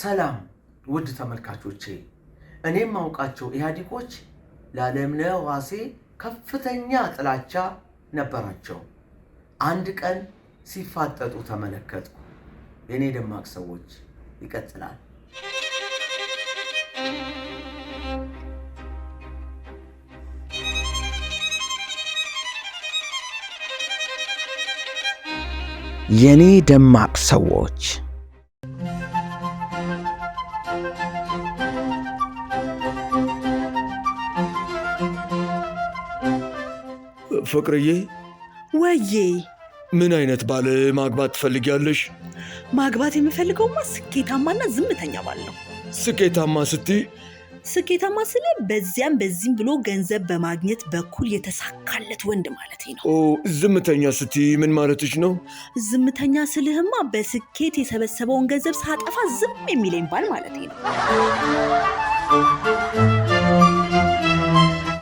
ሰላም ውድ ተመልካቾቼ፣ እኔም ማውቃቸው ኢህአዴጎች ለዓለምነህ ዋሴ ከፍተኛ ጥላቻ ነበራቸው። አንድ ቀን ሲፋጠጡ ተመለከትኩ። የእኔ ደማቅ ሰዎች ይቀጥላል። የኔ ደማቅ ሰዎች ፍቅርዬ ወዬ ምን አይነት ባል ማግባት ትፈልጊያለሽ? ማግባት የምፈልገውማ ስኬታማና ዝምተኛ ባል ነው። ስኬታማ ስትይ? ስኬታማ ስለ በዚያም በዚህም ብሎ ገንዘብ በማግኘት በኩል የተሳካለት ወንድ ማለት ነው። ዝምተኛ ስትይ ምን ማለትሽ ነው? ዝምተኛ ስልህማ በስኬት የሰበሰበውን ገንዘብ ሳጠፋ ዝም የሚለኝ ባል ማለት ነው።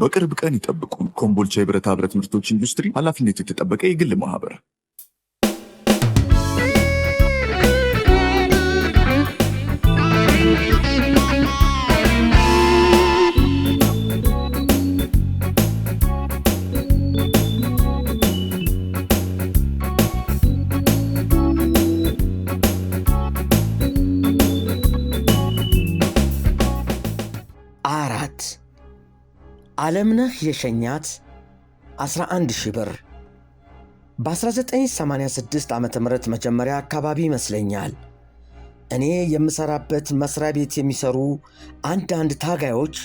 በቅርብ ቀን ይጠብቁ። ኮምቦልቻ የብረታ ብረት ምርቶች ኢንዱስትሪ ኃላፊነቱ የተጠበቀ የግል ማህበር አለምነህ የሸኛት 11 ሺህ ብር በ1986 ዓ ም መጀመሪያ አካባቢ ይመስለኛል። እኔ የምሠራበት መሥሪያ ቤት የሚሠሩ አንዳንድ ታጋዮች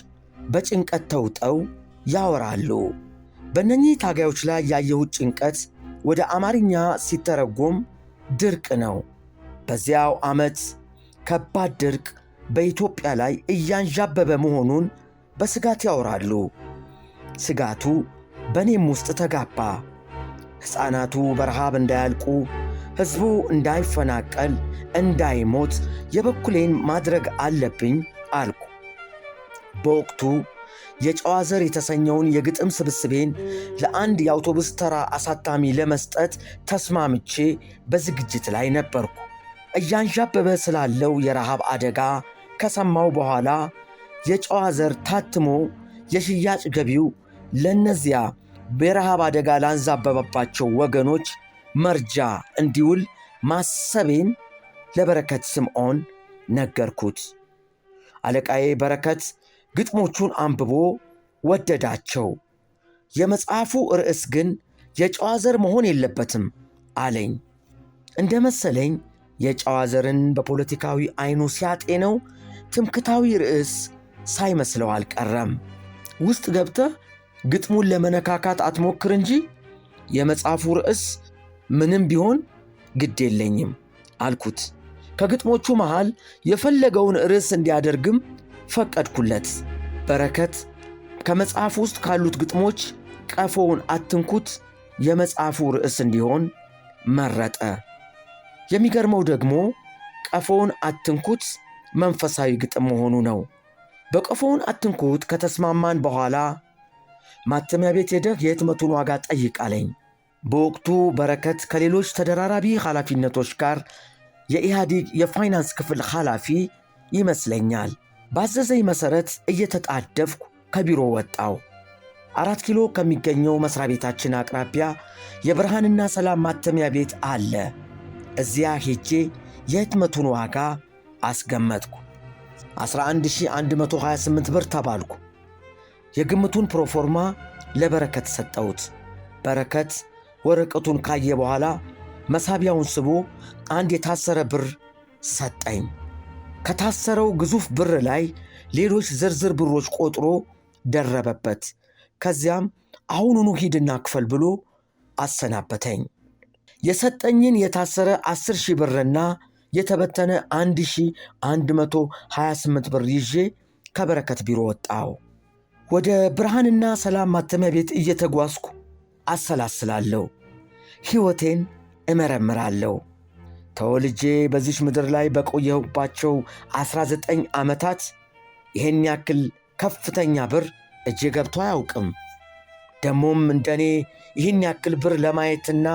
በጭንቀት ተውጠው ያወራሉ። በእነኚህ ታጋዮች ላይ ያየሁት ጭንቀት ወደ አማርኛ ሲተረጎም ድርቅ ነው። በዚያው ዓመት ከባድ ድርቅ በኢትዮጵያ ላይ እያንዣበበ መሆኑን በስጋት ያወራሉ። ስጋቱ በእኔም ውስጥ ተጋባ። ሕፃናቱ በረሃብ እንዳያልቁ፣ ሕዝቡ እንዳይፈናቀል፣ እንዳይሞት የበኩሌን ማድረግ አለብኝ አልኩ። በወቅቱ የጨዋ ዘር የተሰኘውን የግጥም ስብስቤን ለአንድ የአውቶቡስ ተራ አሳታሚ ለመስጠት ተስማምቼ በዝግጅት ላይ ነበርኩ። እያንዣበበ ስላለው የረሃብ አደጋ ከሰማው በኋላ የጨዋ ዘር ታትሞ የሽያጭ ገቢው ለእነዚያ በረሃብ አደጋ ላንዛበበባቸው ወገኖች መርጃ እንዲውል ማሰቤን ለበረከት ስምዖን ነገርኩት። አለቃዬ በረከት ግጥሞቹን አንብቦ ወደዳቸው። የመጽሐፉ ርዕስ ግን የጨዋ ዘር መሆን የለበትም አለኝ። እንደ መሰለኝ የጨዋ ዘርን በፖለቲካዊ ዐይኑ ሲያጤነው ትምክታዊ ርዕስ ሳይመስለው አልቀረም። ውስጥ ገብተህ ግጥሙን ለመነካካት አትሞክር እንጂ የመጽሐፉ ርዕስ ምንም ቢሆን ግድ የለኝም አልኩት። ከግጥሞቹ መሃል የፈለገውን ርዕስ እንዲያደርግም ፈቀድኩለት። በረከት ከመጽሐፍ ውስጥ ካሉት ግጥሞች ቀፎውን አትንኩት የመጽሐፉ ርዕስ እንዲሆን መረጠ። የሚገርመው ደግሞ ቀፎውን አትንኩት መንፈሳዊ ግጥም መሆኑ ነው። በቀፎውን አትንኩት ከተስማማን በኋላ ማተሚያ ቤት ሄደህ የህትመቱን ዋጋ ጠይቅ አለኝ። በወቅቱ በረከት ከሌሎች ተደራራቢ ኃላፊነቶች ጋር የኢህአዲግ የፋይናንስ ክፍል ኃላፊ ይመስለኛል። ባዘዘኝ መሠረት እየተጣደፍኩ ከቢሮ ወጣው። አራት ኪሎ ከሚገኘው መሥሪያ ቤታችን አቅራቢያ የብርሃንና ሰላም ማተሚያ ቤት አለ። እዚያ ሄጄ የህትመቱን ዋጋ አስገመጥኩ! 11128 ብር ተባልኩ። የግምቱን ፕሮፎርማ ለበረከት ሰጠሁት። በረከት ወረቀቱን ካየ በኋላ መሳቢያውን ስቦ አንድ የታሰረ ብር ሰጠኝ። ከታሰረው ግዙፍ ብር ላይ ሌሎች ዝርዝር ብሮች ቆጥሮ ደረበበት። ከዚያም አሁኑኑ ሂድና ክፈል ብሎ አሰናበተኝ። የሰጠኝን የታሰረ 10 ሺህ ብርና የተበተነ 1128 ብር ይዤ ከበረከት ቢሮ ወጣው። ወደ ብርሃንና ሰላም ማተሚያ ቤት እየተጓዝኩ አሰላስላለሁ፣ ሕይወቴን እመረምራለሁ። ተወልጄ በዚች ምድር ላይ በቆየሁባቸው 19 ዓመታት ይህን ያክል ከፍተኛ ብር እጄ ገብቶ አያውቅም። ደግሞም እንደኔ ይህን ያክል ብር ለማየትና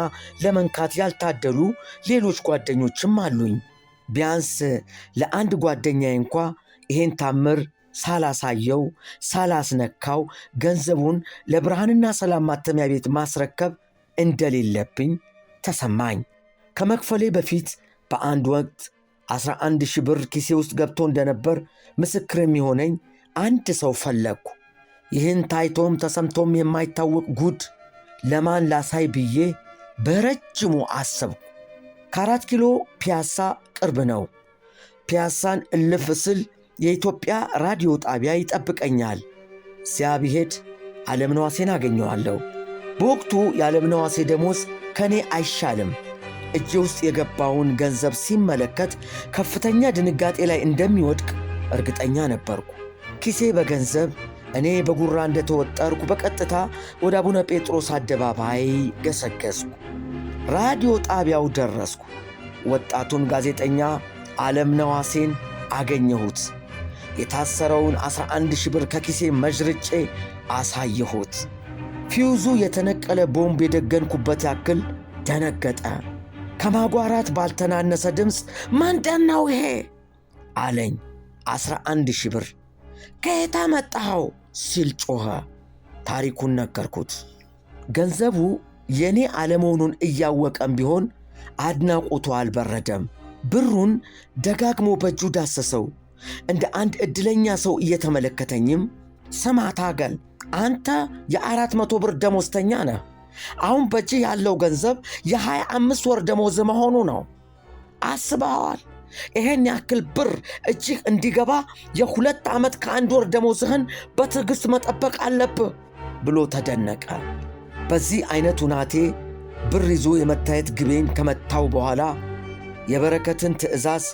ለመንካት ያልታደሉ ሌሎች ጓደኞችም አሉኝ። ቢያንስ ለአንድ ጓደኛዬ እንኳ ይህን ታምር ሳላሳየው ሳላስነካው ገንዘቡን ለብርሃንና ሰላም ማተሚያ ቤት ማስረከብ እንደሌለብኝ ተሰማኝ። ከመክፈሌ በፊት በአንድ ወቅት 11 ሺህ ብር ኪሴ ውስጥ ገብቶ እንደነበር ምስክር የሚሆነኝ አንድ ሰው ፈለግኩ። ይህን ታይቶም ተሰምቶም የማይታወቅ ጉድ ለማን ላሳይ ብዬ በረጅሙ አሰብኩ። ከአራት ኪሎ ፒያሳ ቅርብ ነው። ፒያሳን እልፍ ስል የኢትዮጵያ ራዲዮ ጣቢያ ይጠብቀኛል። ሲያ ብሄድ ዓለምነዋሴን አገኘዋለሁ። በወቅቱ ነዋሴ ደሞዝ ከእኔ አይሻልም። እጄ ውስጥ የገባውን ገንዘብ ሲመለከት ከፍተኛ ድንጋጤ ላይ እንደሚወድቅ እርግጠኛ ነበርኩ። ኪሴ በገንዘብ እኔ በጉራ እንደተወጠርኩ በቀጥታ ወደ አቡነ ጴጥሮስ አደባባይ ገሰገስኩ። ራዲዮ ጣቢያው ደረስኩ። ወጣቱን ጋዜጠኛ ዓለም ነዋሴን አገኘሁት። የታሰረውን 11 አንድ ሺህ ብር ከኪሴ መዥርጬ አሳየሁት። ፊውዙ የተነቀለ ቦምብ የደገንኩበት ያክል ደነገጠ። ከማጓራት ባልተናነሰ ድምፅ ምንድን ነው ይሄ አለኝ። 11 አንድ ሺህ ብር ከየት አመጣኸው ሲል ጮኸ። ታሪኩን ነገርኩት። ገንዘቡ የእኔ አለመሆኑን እያወቀም ቢሆን አድናቆቱ አልበረደም። ብሩን ደጋግሞ በእጁ ዳሰሰው። እንደ አንድ ዕድለኛ ሰው እየተመለከተኝም ስማ ታገል፣ አንተ የአራት መቶ ብር ደሞዝተኛ ነህ። አሁን በእጅ ያለው ገንዘብ የሀያ አምስት ወር ደሞዝ መሆኑ ነው። አስበዋል? ይሄን ያክል ብር እጅህ እንዲገባ የሁለት ዓመት ከአንድ ወር ደሞዝህን በትዕግሥት መጠበቅ አለብህ ብሎ ተደነቀ። በዚህ ዐይነት ሁናቴ ብር ይዞ የመታየት ግቤን ከመታው በኋላ የበረከትን ትእዛዝ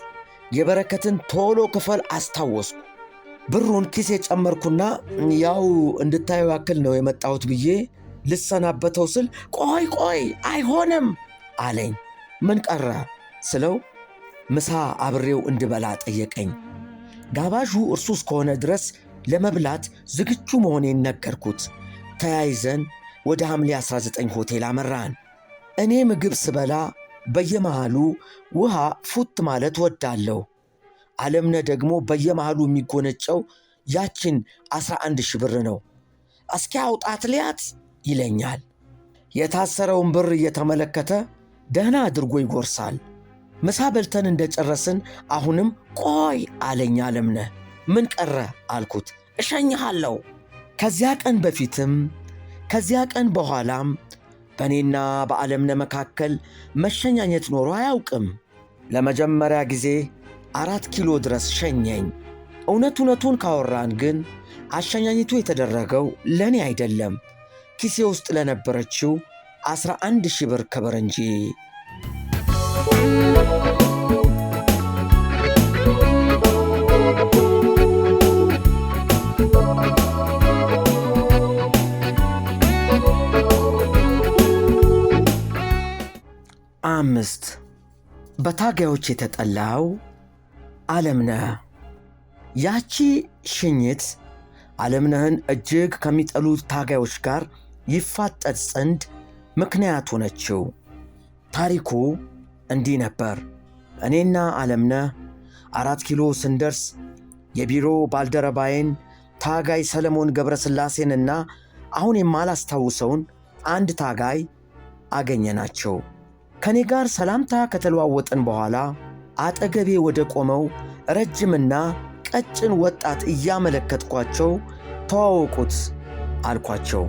የበረከትን ቶሎ ክፈል አስታወስኩ። ብሩን ኪስ የጨመርኩና ያው እንድታየው ያክል ነው የመጣሁት ብዬ ልሰናበተው ስል ቆይ ቆይ አይሆንም አለኝ። ምን ቀረ ስለው ምሳ አብሬው እንድበላ ጠየቀኝ። ጋባዡ እርሱ እስከሆነ ድረስ ለመብላት ዝግጁ መሆኔን ነገርኩት። ተያይዘን ወደ ሐምሌ 19 ሆቴል አመራን። እኔ ምግብ ስበላ በየመሃሉ ውሃ ፉት ማለት ወዳለሁ። አለምነ ደግሞ በየመሃሉ የሚጎነጨው ያችን አስራ አንድ ሺህ ብር ነው። እስኪ አውጣት ሊያት ይለኛል። የታሰረውን ብር እየተመለከተ ደህና አድርጎ ይጎርሳል። ምሳ በልተን እንደጨረስን አሁንም ቆይ አለኝ አለምነ። ምን ቀረ አልኩት። እሸኝሃለሁ። ከዚያ ቀን በፊትም ከዚያ ቀን በኋላም በእኔና በዓለምነ መካከል መሸኛኘት ኖሮ አያውቅም። ለመጀመሪያ ጊዜ አራት ኪሎ ድረስ ሸኘኝ። እውነት እውነቱን ካወራን ግን አሸኛኘቱ የተደረገው ለእኔ አይደለም፣ ኪሴ ውስጥ ለነበረችው 11 አንድ ሺህ ብር ከበረንጂ አምስት በታጋዮች የተጠላው ዓለምነህ ያቺ ሽኝት ዓለምነህን እጅግ ከሚጠሉት ታጋዮች ጋር ይፋጠጥ ዘንድ ምክንያት ሆነችው። ታሪኩ እንዲህ ነበር። እኔና ዓለምነህ አራት ኪሎ ስንደርስ የቢሮ ባልደረባዬን ታጋይ ሰለሞን ገብረስላሴንና አሁን የማላስታውሰውን አንድ ታጋይ አገኘናቸው። ከእኔ ጋር ሰላምታ ከተለዋወጠን በኋላ አጠገቤ ወደ ቆመው ረጅምና ቀጭን ወጣት እያመለከትኳቸው ተዋወቁት አልኳቸው።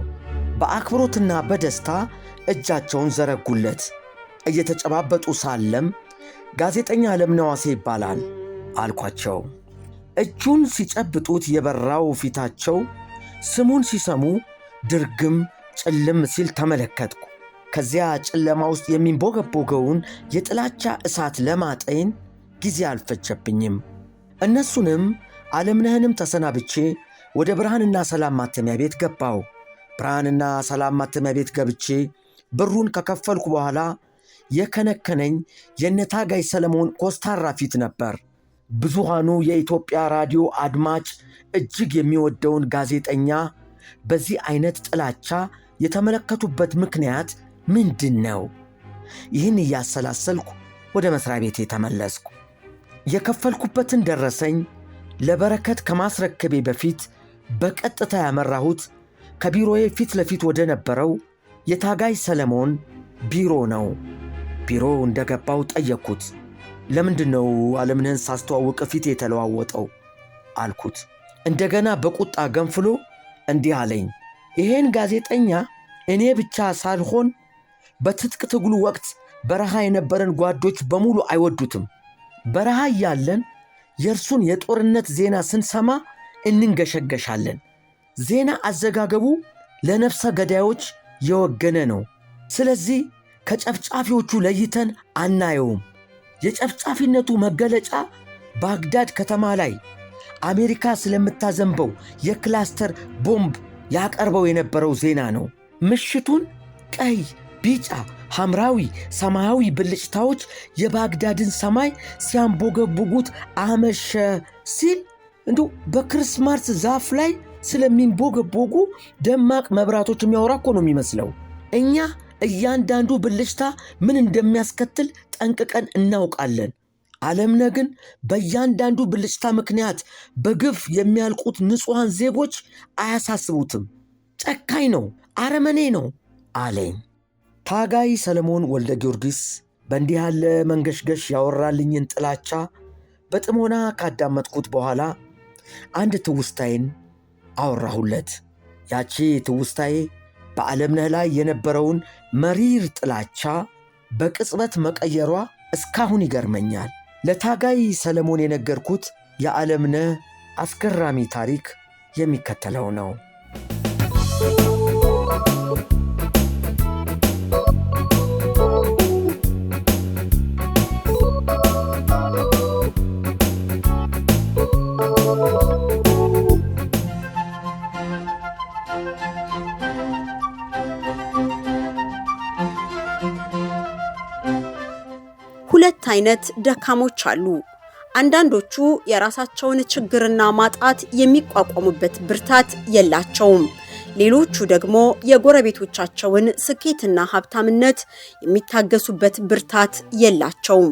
በአክብሮትና በደስታ እጃቸውን ዘረጉለት። እየተጨባበጡ ሳለም ጋዜጠኛ አለምነዋሴ ይባላል አልኳቸው። እጁን ሲጨብጡት የበራው ፊታቸው ስሙን ሲሰሙ ድርግም ጭልም ሲል ተመለከትኩ። ከዚያ ጨለማ ውስጥ የሚንቦገቦገውን የጥላቻ እሳት ለማጤን ጊዜ አልፈጀብኝም። እነሱንም ዓለምነህንም ተሰናብቼ ወደ ብርሃንና ሰላም ማተሚያ ቤት ገባሁ። ብርሃንና ሰላም ማተሚያ ቤት ገብቼ ብሩን ከከፈልኩ በኋላ የከነከነኝ የነታጋይ ሰለሞን ኮስታራ ፊት ነበር። ብዙሃኑ የኢትዮጵያ ራዲዮ አድማጭ እጅግ የሚወደውን ጋዜጠኛ በዚህ አይነት ጥላቻ የተመለከቱበት ምክንያት ምንድን ነው? ይህን እያሰላሰልኩ ወደ መሥሪያ ቤቴ ተመለስኩ። የከፈልኩበትን ደረሰኝ ለበረከት ከማስረከቤ በፊት በቀጥታ ያመራሁት ከቢሮዬ ፊት ለፊት ወደ ነበረው የታጋይ ሰለሞን ቢሮ ነው። ቢሮ እንደገባው ጠየቅኩት። ለምንድን ነው ዓለምንህን ሳስተዋውቅ ፊት የተለዋወጠው አልኩት። እንደገና በቁጣ ገንፍሎ እንዲህ አለኝ። ይሄን ጋዜጠኛ እኔ ብቻ ሳልሆን በትጥቅ ትግሉ ወቅት በረሃ የነበረን ጓዶች በሙሉ አይወዱትም። በረሃ እያለን የእርሱን የጦርነት ዜና ስንሰማ እንንገሸገሻለን። ዜና አዘጋገቡ ለነፍሰ ገዳዮች የወገነ ነው። ስለዚህ ከጨፍጫፊዎቹ ለይተን አናየውም። የጨፍጫፊነቱ መገለጫ ባግዳድ ከተማ ላይ አሜሪካ ስለምታዘንበው የክላስተር ቦምብ ያቀርበው የነበረው ዜና ነው። ምሽቱን ቀይ ቢጫ፣ ሐምራዊ፣ ሰማያዊ ብልጭታዎች የባግዳድን ሰማይ ሲያንቦገቡጉት አመሸ ሲል እንዲ በክርስማስ ዛፍ ላይ ስለሚንቦገቦጉ ደማቅ መብራቶች የሚያወራ እኮ ነው የሚመስለው። እኛ እያንዳንዱ ብልጭታ ምን እንደሚያስከትል ጠንቅቀን እናውቃለን። ዓለምነ ግን በእያንዳንዱ ብልጭታ ምክንያት በግፍ የሚያልቁት ንጹሐን ዜጎች አያሳስቡትም። ጨካኝ ነው፣ አረመኔ ነው አለኝ። ታጋይ ሰለሞን ወልደ ጊዮርጊስ በእንዲህ ያለ መንገሽገሽ ያወራልኝን ጥላቻ በጥሞና ካዳመጥኩት በኋላ አንድ ትውስታዬን አወራሁለት። ያቺ ትውስታዬ በዓለምነህ ላይ የነበረውን መሪር ጥላቻ በቅጽበት መቀየሯ እስካሁን ይገርመኛል። ለታጋይ ሰለሞን የነገርኩት የዓለምነህ አስገራሚ ታሪክ የሚከተለው ነው። አይነት ደካሞች አሉ። አንዳንዶቹ የራሳቸውን ችግርና ማጣት የሚቋቋሙበት ብርታት የላቸውም። ሌሎቹ ደግሞ የጎረቤቶቻቸውን ስኬትና ሀብታምነት የሚታገሱበት ብርታት የላቸውም።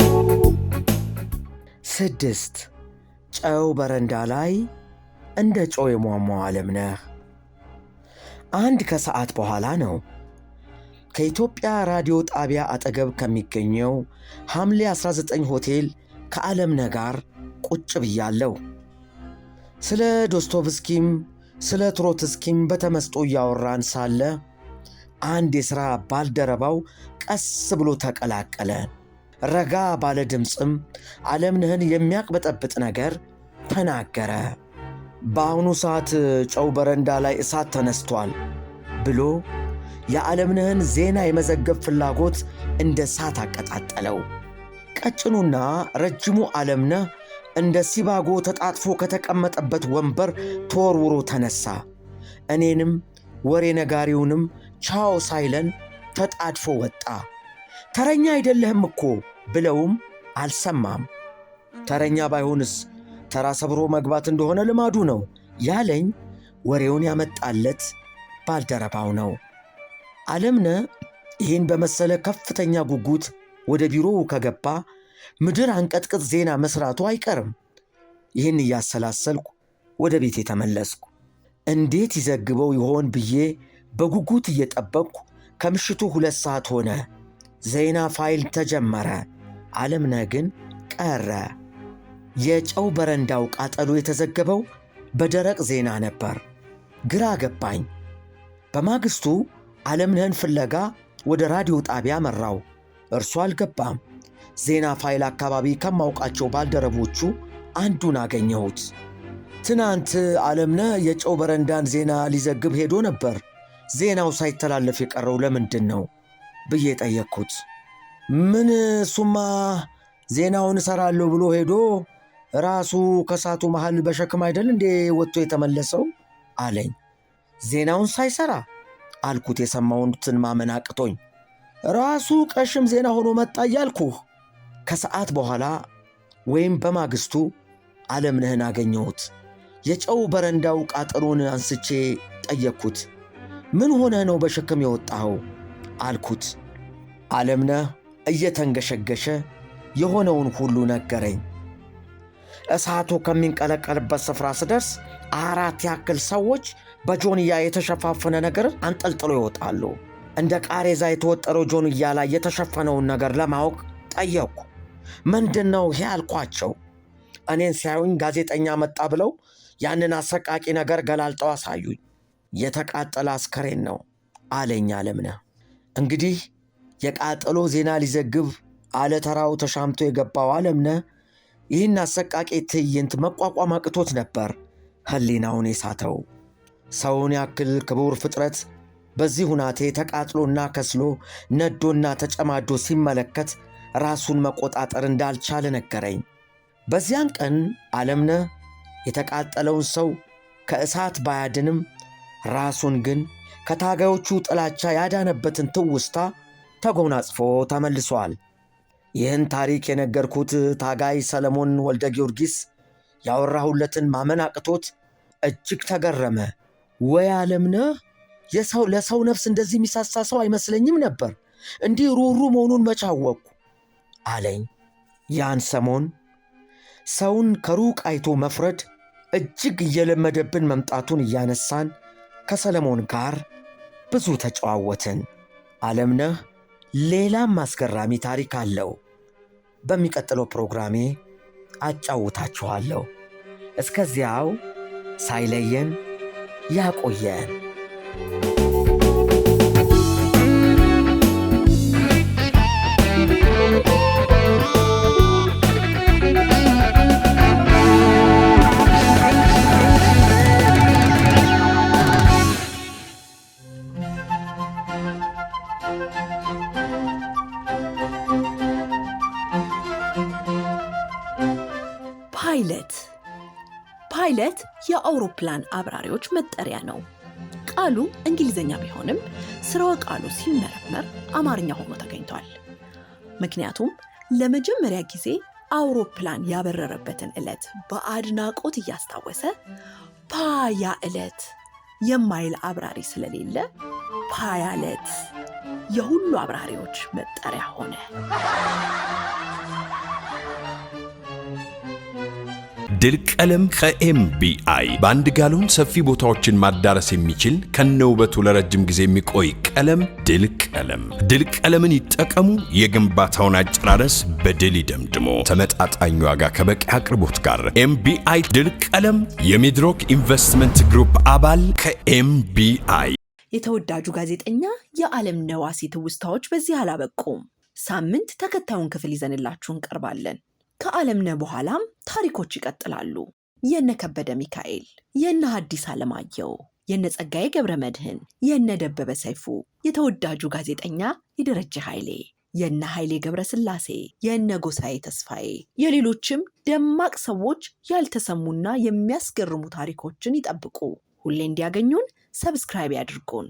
ስድስት ጨው በረንዳ ላይ እንደ ጨው የሟሟው ነህ። አንድ ከሰዓት በኋላ ነው ከኢትዮጵያ ራዲዮ ጣቢያ አጠገብ ከሚገኘው ሐምሌ 19 ሆቴል ከዓለምነህ ጋር ቁጭ ብያለሁ። ስለ ዶስቶቭስኪም ስለ ትሮትስኪም በተመስጦ እያወራን ሳለ አንድ የሥራ ባልደረባው ቀስ ብሎ ተቀላቀለን። ረጋ ባለ ድምፅም ዓለምንህን የሚያቅበጠብጥ ነገር ተናገረ። በአሁኑ ሰዓት ጨው በረንዳ ላይ እሳት ተነስቷል ብሎ የዓለምንህን ዜና የመዘገብ ፍላጎት እንደ እሳት አቀጣጠለው። ቀጭኑና ረጅሙ ዓለምነህ እንደ ሲባጎ ተጣጥፎ ከተቀመጠበት ወንበር ተወርውሮ ተነሳ። እኔንም ወሬ ነጋሪውንም ቻው ሳይለን ተጣድፎ ወጣ። ተረኛ አይደለህም እኮ ብለውም አልሰማም። ተረኛ ባይሆንስ ተራ ሰብሮ መግባት እንደሆነ ልማዱ ነው ያለኝ ወሬውን ያመጣለት ባልደረባው ነው። አለምነ ይህን በመሰለ ከፍተኛ ጉጉት ወደ ቢሮው ከገባ ምድር አንቀጥቅጥ ዜና መስራቱ አይቀርም። ይህን እያሰላሰልኩ ወደ ቤት ተመለስኩ። እንዴት ይዘግበው ይሆን ብዬ በጉጉት እየጠበቅኩ ከምሽቱ ሁለት ሰዓት ሆነ። ዜና ፋይል ተጀመረ። አለምነህ ግን ቀረ። የጨው በረንዳው ቃጠሎ የተዘገበው በደረቅ ዜና ነበር። ግራ ገባኝ። በማግስቱ ዓለምነህን ፍለጋ ወደ ራዲዮ ጣቢያ መራው። እርሱ አልገባም። ዜና ፋይል አካባቢ ከማውቃቸው ባልደረቦቹ አንዱን አገኘሁት። ትናንት አለምነህ የጨው በረንዳን ዜና ሊዘግብ ሄዶ ነበር። ዜናው ሳይተላለፍ የቀረው ለምንድን ነው? ብዬ ጠየቅኩት። ምን እሱማ ዜናውን እሰራለሁ ብሎ ሄዶ ራሱ ከሳቱ መሃል በሸክም አይደል እንዴ ወጥቶ የተመለሰው አለኝ። ዜናውን ሳይሰራ አልኩት፣ የሰማሁትን ማመን አቅቶኝ። ራሱ ቀሽም ዜና ሆኖ መጣ እያልኩህ። ከሰዓት በኋላ ወይም በማግስቱ አለምንህን አገኘሁት። የጨው በረንዳው ቃጠሎን አንስቼ ጠየቅኩት። ምን ሆነህ ነው በሸክም የወጣኸው? አልኩት። ዓለምነህ እየተንገሸገሸ የሆነውን ሁሉ ነገረኝ። እሳቱ ከሚንቀለቀልበት ስፍራ ስደርስ አራት ያክል ሰዎች በጆንያ የተሸፋፈነ ነገር አንጠልጥሎ ይወጣሉ። እንደ ቃሬዛ የተወጠረው ጆንያ ላይ የተሸፈነውን ነገር ለማወቅ ጠየቅኩ። ምንድን ነው ይሄ አልኳቸው። እኔን ሲያዩኝ ጋዜጠኛ መጣ ብለው ያንን አሰቃቂ ነገር ገላልጠው አሳዩኝ። የተቃጠለ አስከሬን ነው አለኝ ዓለምነህ። እንግዲህ የቃጠሎ ዜና ሊዘግብ አለተራው ተሻምቶ የገባው አለምነ ይህን አሰቃቂ ትዕይንት መቋቋም አቅቶት ነበር ህሊናውን የሳተው። ሰውን ያክል ክቡር ፍጥረት በዚህ ሁናቴ ተቃጥሎና ከስሎ ነዶና ተጨማዶ ሲመለከት ራሱን መቆጣጠር እንዳልቻለ ነገረኝ። በዚያን ቀን ዓለምነህ የተቃጠለውን ሰው ከእሳት ባያድንም ራሱን ግን ከታጋዮቹ ጥላቻ ያዳነበትን ትውስታ ተጎናጽፎ ተመልሷል። ይህን ታሪክ የነገርኩት ታጋይ ሰለሞን ወልደ ጊዮርጊስ ያወራሁለትን ማመን አቅቶት እጅግ ተገረመ። ወይ አለምነ የሰው ለሰው ነፍስ እንደዚህ የሚሳሳ ሰው አይመስለኝም ነበር እንዲህ ሩሩ መሆኑን መቻወቅኩ አለኝ። ያን ሰሞን ሰውን ከሩቅ አይቶ መፍረድ እጅግ እየለመደብን መምጣቱን እያነሳን ከሰለሞን ጋር ብዙ ተጨዋወትን። ዓለምነህ ሌላም አስገራሚ ታሪክ አለው። በሚቀጥለው ፕሮግራሜ አጫውታችኋለሁ። እስከዚያው ሳይለየን ያቆየን። የአውሮፕላን አብራሪዎች መጠሪያ ነው። ቃሉ እንግሊዝኛ ቢሆንም ስራው ቃሉ ሲመረመር አማርኛ ሆኖ ተገኝቷል። ምክንያቱም ለመጀመሪያ ጊዜ አውሮፕላን ያበረረበትን ዕለት በአድናቆት እያስታወሰ ፓያ ዕለት የማይል አብራሪ ስለሌለ ፓያለት የሁሉ አብራሪዎች መጠሪያ ሆነ። ድል ቀለም ከኤምቢአይ በአንድ ጋሎን ሰፊ ቦታዎችን ማዳረስ የሚችል ከነውበቱ ለረጅም ጊዜ የሚቆይ ቀለም ድል ቀለም። ድል ቀለምን ይጠቀሙ። የግንባታውን አጨራረስ በድል ይደምድሞ። ተመጣጣኝ ዋጋ ከበቂ አቅርቦት ጋር ኤምቢአይ ድል ቀለም የሚድሮክ ኢንቨስትመንት ግሩፕ አባል ከኤምቢአይ። የተወዳጁ ጋዜጠኛ የዓለምነህ ዋሴ ትውስታዎች በዚህ አላበቁም። ሳምንት ተከታዩን ክፍል ይዘንላችሁ እንቀርባለን። ከዓለምነ በኋላም ታሪኮች ይቀጥላሉ። የነ ከበደ ሚካኤል፣ የነ ሐዲስ ዓለማየሁ፣ የነ ጸጋዬ ገብረ መድህን የነ ደበበ ሰይፉ፣ የተወዳጁ ጋዜጠኛ የደረጀ ኃይሌ፣ የነ ኃይሌ ገብረ ስላሴ፣ የነ ጎሳዬ ተስፋዬ፣ የሌሎችም ደማቅ ሰዎች ያልተሰሙና የሚያስገርሙ ታሪኮችን ይጠብቁ። ሁሌ እንዲያገኙን ሰብስክራይብ ያድርጉን።